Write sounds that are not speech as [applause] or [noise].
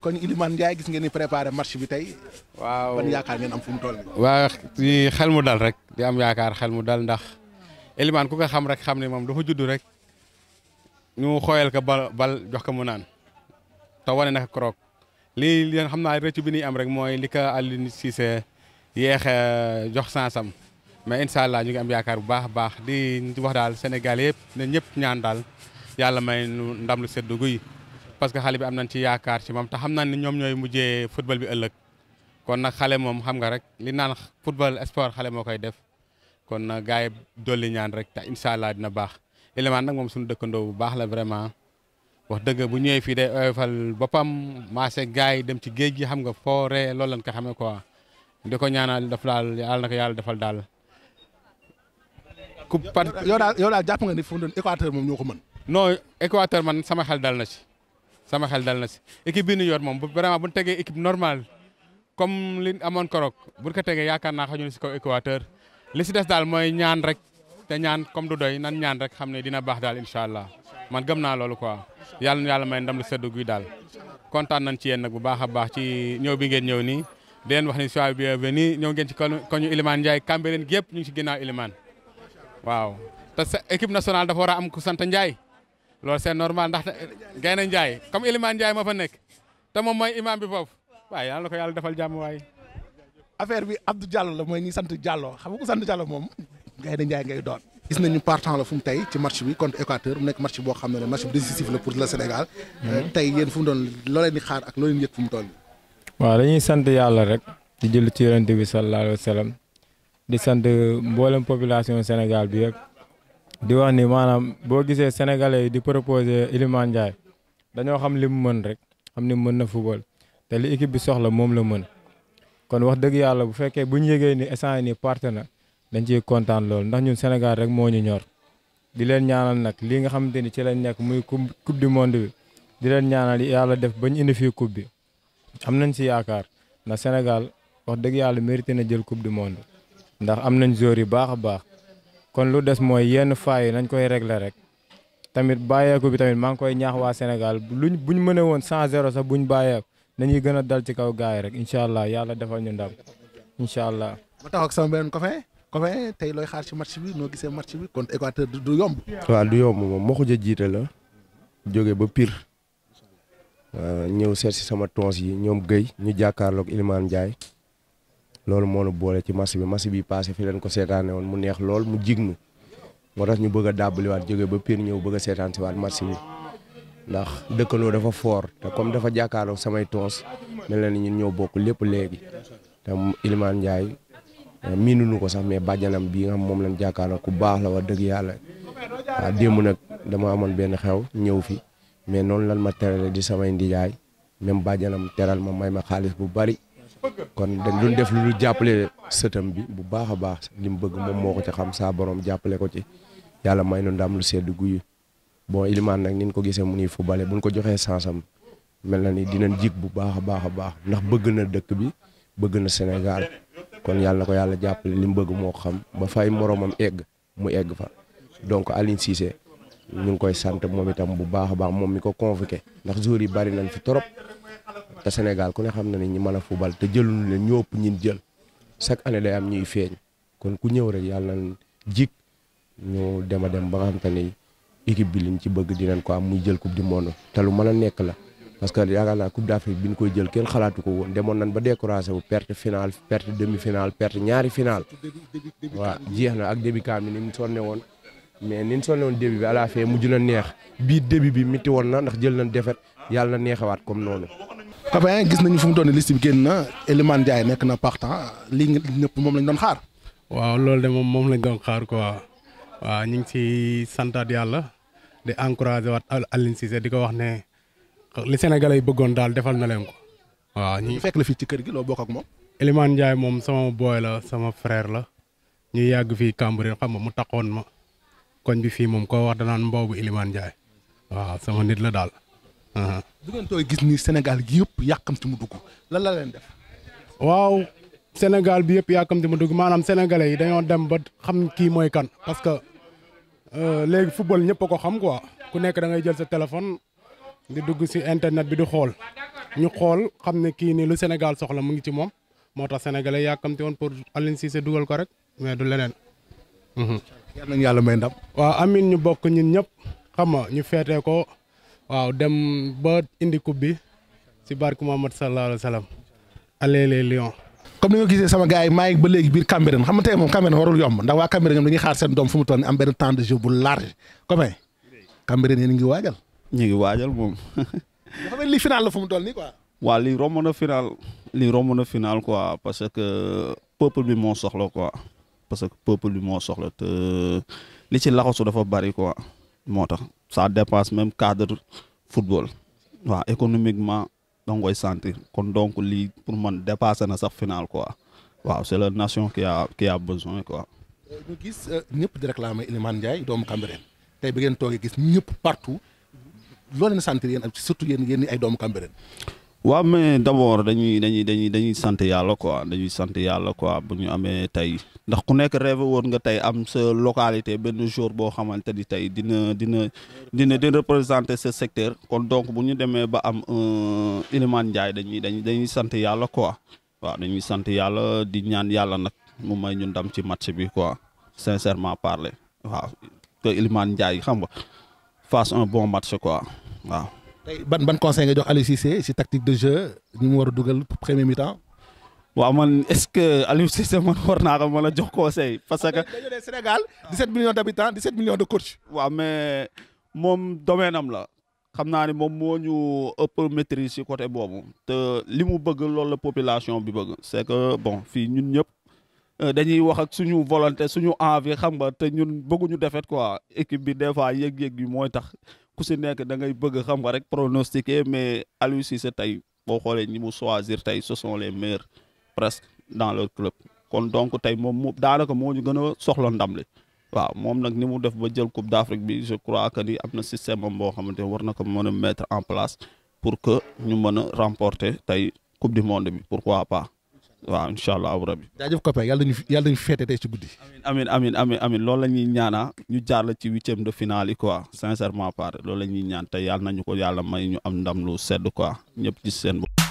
kon Ilimane Ndiaye gis ngeen ni préparé match bi tey. waaw ban yaakaar fu mu toll nii. xel mu dal rek di am yaakaar xel mu dal ndax Ilimane ku ko xam rek xam ne moom dafa judd rek ñu xooyal ko bal bal jox ko mu naan te wane na ko Croc lii li xam naa rëcc bi ñuy am rek mooy li ko Aliou Cissé yéex jox sansam mais incha allah ñu ngi am yaakaar bu baax a baax di wax daal Sénégal yëpp ne ñëpp ñaan daal yàlla may nu ndam lu sedd guy. parce que xale bi am nañ ci yaakaar ci moom te xam naa ni ñoom ñooy mujjee football bi ëllëg kon nag xale moom xam nga rek li naan football sport xale moo koy def kon na gars yi dolli ñaan rek te incha allah dina baax Elimane nag moom suñu dëkkandoo bu baax la vraiment wax dëgg bu ñëwee fii day oyofal boppam maase gars yi dem ci géej gi xam nga fooree loolu lañ ko xamee quoi di ko ñaanal daf laal yàlla na yàlla defal daal. ku par yow daal yow jàpp nga ni fu mu doon Équateur moom ñoo ko sama xel dal na ci. sama xel dal na si équipe bi ñu yor moom vraiment bu ñu tegee équipe normale comme li amoon korok bu ko tegee yaakaar naa xañu si kaw Équateur li si des daal mooy ñaan rek te ñaan comme du doy nan ñaan rek xam ne dina baax daal incha allah man gëm naa loolu quoi yàlla na yàlla may ndam lu sedd guy daal kontaan nañ ci yéen nag bu baax a baax ci ñëw bi ngeen ñëw nii di leen wax ni soyez bienvenus ñëw ngeen ci koñu Ilimane Ndiaye Cambérène gi yëpp ñu ngi si ginnaaw Ilimane waaw te sa équipe nationale dafa war a am loolu c'est normal ndax Gaynde Njaay comme Iliman Njaay ma fa nekk te moom mooy imam bi foofu waaye yàlla na ko yàlla defal jàmm waaye. affaire bi Abdou Diallo la mooy ñi sant Diallo xam nga ku sant Diallo moom Gaynde Njaay ngay doon. gis nañu partant la fu mu tey ci match bi contre Équateur mu nekk match boo xam ne match bi décisif la pour le Sénégal. Mhm. Euh, tey yéen fu mu doon loo leen di xaar ak loo leen yëg fu mu toll. waaw dañuy sant yàlla rek. di jël ci yonent bi sallallahu alayhi di sant mboolem population Sénégal bi di wax ni maanaam boo gisee sénégalais yi di proposer Iliman dañoo xam li mu mën rek xam ni mën na football te li équipe bi soxla moom la mën kon wax dëgg yàlla bu fekkee bu ñu yégee ni instant ni parte na dañ ciy kontaan loolu ndax ñun Sénégal rek moo ñu ñor di leen ñaanal nag lii nga xamante ni ci lañ nekk muy coupe du monde bi di leen ñaanal yàlla def bañ indi fii coupe bi am nañ si yaakaar ndax Sénégal wax dëgg yàlla mérité na jël coupe di monde ndax am nañ joueurs yu baax a baax. kon lu des mooy yenn faay yi nañ koy régler rek tamit bàyyeeku bi tamit maa ngi koy ñaax waa Sénégal bu ñu mënee woon cent zéro sax buñ bàyyeeku nañuy gën a dal ci kaw gaay rek incha allah yàlla defal ñu ndam incha allah. ma tax ak sama beneen copain copain tey looy xaar ci match bi noo gisee match bi kon Équateur du yomb. waaw du yomb moom moo ko jiite la jóge ba piir ñëw seet si sama tons yi ñoom Guèye ñu jàkkaarlook Ilimane Ndiaye. loolu moo nu boole ci match bi match bi passé fi leen ko seetaane woon mu neex lool mu jig nu moo tax ñu bëgg a dàbbaliwaat jóge ba Pire ñëw bëgg a seetaan si waat match ndax dëkkandoo dafa foor te comme dafa jàkkaarloo samay toos mel na ni ñun ñëw bokk lépp léegi te Iliman Ndiaye eh, miinuñu ko sax mais bàjjanam bii nga xam moom lañ jàkkaarloo ku baax la wax dëgg yàlla waaw démb nag dama amoon benn xew ñëw fi mais noonu lan ma terale di samay ndijaay même bàjjanam teral ma may ma xaalis bu bari kon dañ doon def lu jàppale sëtam bi bu baax a baax li mu bëgg moom moo ko ci xam saa borom jàppale ko ci yàlla may nu ndam lu sedd guy boo Iliman nag niñ ko gisee mu ngi bu buñ ko joxee sansam mel na ni dinañ jig bu baax a baax a baax ndax bëgg na dëkk bi bëgg na Sénégal kon yàlla na ko yàlla jàppale li mu bëgg moo xam ba fay moromam egg mu egg fa donc Aliou Cissé ñu ngi koy sant moom itam bu baax a baax moom mi ko convoqué ndax joueurs yi bari nañ fi trop te Sénégal ku ne xam na ni ñu man a fubal te jëluñu leen ñoo ëpp ñin jël chaque année day am ñuy feeñ kon ku ñëw rek yàlla na jik ñu dem a dem ba nga xam te ni équipe bi ci bëgg dinañ ko am muy jël coupe du monde te lu mën a nekk la. parce que yaakaar naa coupe d'Afrique bi ñu koy jël kenn ko woon demoon nañ ba découragé wu perte finale perte demi perte ñaari finale waaw jeex na ak début kaam ni ni mu sonne woon mais ni ñu sonne woon début mujj na neex bii début bi miti na ndax jël nañ defet yàlla na comme noonu Papin gis nañu fi mu toll nii liste bi génn na Elimane Ndiaye nekk na partant lii ñëpp moom lañ doon xaar. waaw loolu de moom moom lañ doon xaar quoi waaw ñu ngi ci santaat yàlla di encourager waat Alioune Cissé di ko wax ne li Sénégalais yi bëggoon daal defal na leen ko. waaw ñu fekk la fii ci kër gi loo bokk ak moom. Elimane Ndiaye moom sama booy la sama frère la ñu yàgg fii Cambérène xam nga mu taxoon ma koñ bi fii moom koo wax naan mboobu Elimane Ndiaye waaw sama nit la daal. du ngeen tooy gis ni Sénégal gi yëpp yàkkamti mu dugg lan la leen def. waaw Sénégal bi yëpp yàkkamti mu dugg maanaam sénégalais yi dañoo dem ba xam kii mooy kan parce que euh, léegi football ñëpp ko xam quoi ku nekk da ngay jël sa téléphone di dugg si internet bi di xool ñu xool xam ne kii nii lu Sénégal soxla mu ngi ci moom moo tax sénégalais yàkkamti woon pour Aliou Cissé dugal ko rek mais du leneen. Mhm. yàlla may ndam. waaw amin ñu bokk ñun ñëpp xam ñu feetee ko. waaw dem ba indi coupe bi si barke Muhammad sallallahu alayhi wa sallam allez les lions comme ni nga gisee sama gars yi maay ba léegi biir Cambérène xam nga tey moom Cambérène warul yomb ndax waa Cambérène ñoom dañuy xaar seen doom fu mu toll am benn temps de ngi waajal. ñu ngi waajal moom. [laughs] dafa la fu mu toll nii quoi. waa lii romb na lii romb na final quoi parce que peuple bi moo soxla quoi parce que peuple bi moo soxla te li ci laxasu dafa bari quoi moo tax. sax dépasse même cadre football waaw économiquement da nga koy kon donc lii pour man dépassé na sax final quoi waaw c'est la nation ki a besoin quoi. ñu gis euh, ñëpp di réclamer Iliman Ndiaye doomu Cambérène tey bi ngeen toogee gis ñëpp partout loo leen sentir yéen surtout yéen yéen ay doomu Cambérène. waaw mais d'abord dañuy dañuy dañuy dañuy sant yàlla quoi dañuy sant yàlla quoi bu ñu amee tey ndax ku nekk rêve woon nga tey am sa localité benn jour boo xamante ni tey dina dina dina dina représenter ce secteur kon donc bu ñu demee ba am Ilimane euh, Ndiaye dañuy dañuy dañuy sant yàlla quoi waaw dañuy sant yàlla di ñaan yàlla nag mu may ñu ndam ci match bi quoi sincèrement parler waaw que Ilimane Ndiaye xam nga fasse bon match quoi waaw. tey ban ban conseil nga jox Aliou Cissé ci tactique de jeu ñu mu war a dugal premier mi-temps. waaw man est-ce que Aliou Cissé man war naa ko mën a jox conseil parce que. Sénégal 17 millions d'habitants 17 de coach. waaw mais moom domaine am la. xam naa ne moom moo ñu ëpp maîtrise ci côté boobu te li mu bëgg loolu la population bi bëgg c'est que bon fii ñun ñëpp euh, dañuy wax ak suñu volonté suñu envier xam nga te ñun bëgguñu defet quoi équipe bi des fois yëg-yëg yi mooy tax ku si nekk da ngay bëgg xam nga rek pronostiquer mais Aliou Cissé tey boo xoolee ñi mu choisir tey ce sont les meilleurs presque dans leur club kon donc tey moom mu daanaka moo ñu gën a soxla ndam li waaw moom nag ni mu def ba jël coupe d'Afrique bi je crois que ni am na système am boo xamante war na ko mën a mettre en place pour que ñu mën a remporter tey coupe du monde bi pourquoi pas. waaw incha allah abu rabi. jaajëf copain yàlla nañu yàlla nañu féete tey ci guddi. amiin amiin amiin amiin loolu la ñuy ñaana ah. ñu jaar la ci huitième de finale yi quoi sincèrement par loolu la ñuy ñaan tey yàlla nañu ko yàlla may ñu am ndam lu sedd quoi ñëpp ci seen bopp.